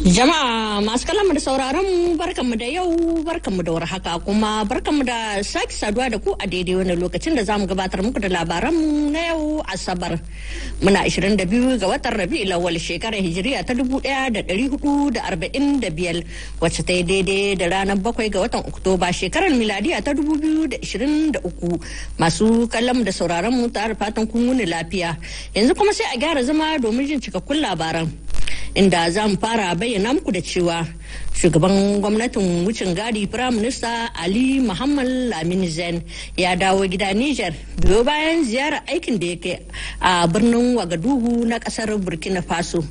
Jama'a masu kalamu da sauraron mu barkanmu da yau barkanmu da warhaka kuma barkanmu da sake saduwa da ku a daidai wani lokacin da zamu gabatar muku da labaran mu na yau Asabar. Muna 22 ga watan Rabi'u Lawal shekarar Hijiriya ta 1445 wacce ta yi daidai da ranar bakwai ga watan Oktoba shekarar miladiya ta 2023. Masu kallon da sauraron mu tare fatan kun wuni lafiya. Yanzu kuma sai a gyara zama domin jin cikakkun labaran. inda za mu fara bayyana muku da cewa shugaban gwamnatin wucin gadi prime minister ali muhammad lamini zen ya dawo gida niger biyo bayan ziyarar aikin da ya kai a birnin wagadugu na kasar burkina faso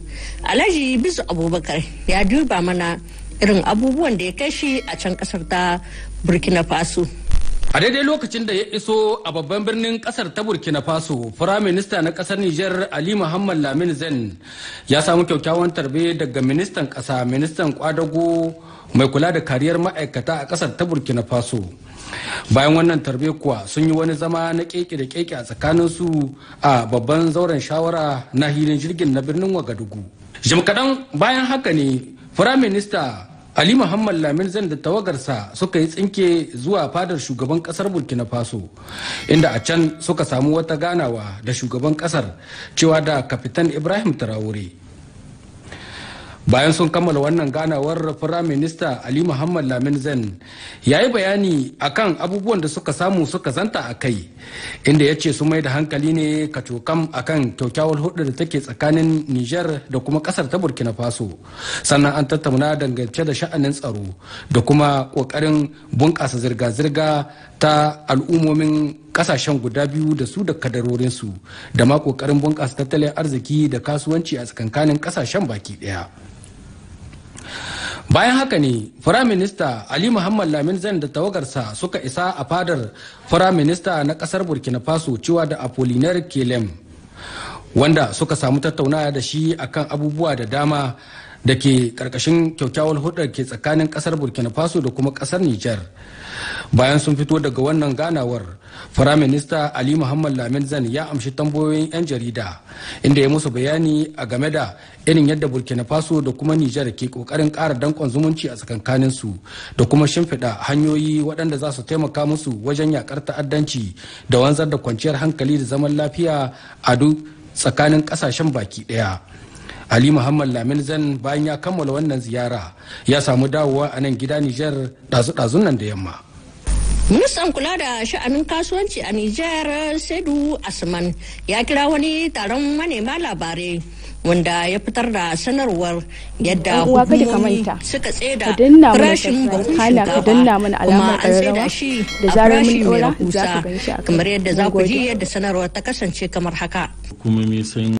alhaji bisu abubakar ya duba mana irin abubuwan da ya kai shi a can kasar ta burkina faso A daidai lokacin da ya iso a babban birnin kasar ta Burkina Faso, Firaminista na kasar Nijar Ali Muhammad Lamin Zen ya samu kyaukyawan tarbe daga ministan kasa, ministan kwadago mai kula da kariyar ma'aikata a kasar ta Burkina Faso. Bayan wannan tarbe kuwa sun yi wani zama na keke da keke a su a babban zauren shawara na hilin jirgin na birnin Wagadugu. Jim kaɗan bayan haka ne Firaminista ali muhammad lamin zan da tawagarsa suka yi tsinke zuwa fadar shugaban kasar burkina faso inda a can suka samu wata ganawa da shugaban kasar cewa da kapitan ibrahim traore bayan sun kammala wannan ganawar firayim minista ali muhammad lamin zen ya yi bayani akan abubuwan da suka samu suka zanta a kai inda ya ce su mai da hankali ne ka a kan kyaukyawar hudu da take tsakanin niger da kuma kasar ta burkina faso sannan an tattauna dangance da sha'anin tsaro da kuma kokarin bunƙasa zirga-zirga ta al'ummomin kasashen guda biyu da su da kadarorinsu da ma kokarin bunƙasa tattalin arziki da kasuwanci a tsakankanin kasashen baki ɗaya. bayan haka ne firaminista ali muhammad lamin zan da tawagarsa suka isa a fadar firaminista na kasar burkina faso cewa da apolinar kelem wanda suka samu tattaunawa da shi akan abubuwa da dama da ke karkashin kyaukyawar hudar ke tsakanin kasar burkina faso da kuma kasar niger bayan sun fito daga wannan ganawar firaminista ali muhammad lamin zan ya amshi tambayoyin 'yan jarida inda ya musu bayani a game da irin yadda burkina faso da kuma niger ke kokarin kara dankon zumunci a tsakankanin su da kuma shimfiɗa hanyoyi waɗanda za su taimaka musu wajen yakar ta'addanci da wanzar da kwanciyar hankali da zaman lafiya a duk tsakanin ƙasashen baki ɗaya ali muhammad lamin zan bayan ya kammala wannan ziyara ya samu dawowa a nan gida nijar ɗazu-ɗazun nan da yamma Ministan kula da sha'anin kasuwanci a Nijar Saidu Asman ya kira wani taron manema labarai wanda ya fitar da sanarwar yadda hukumomi suka tseda farashin buhun shinkafa kuma an tseda shi a farashi mai rahusa kamar yadda za ku ji yadda sanarwar ta kasance kamar haka. Hukumomi sun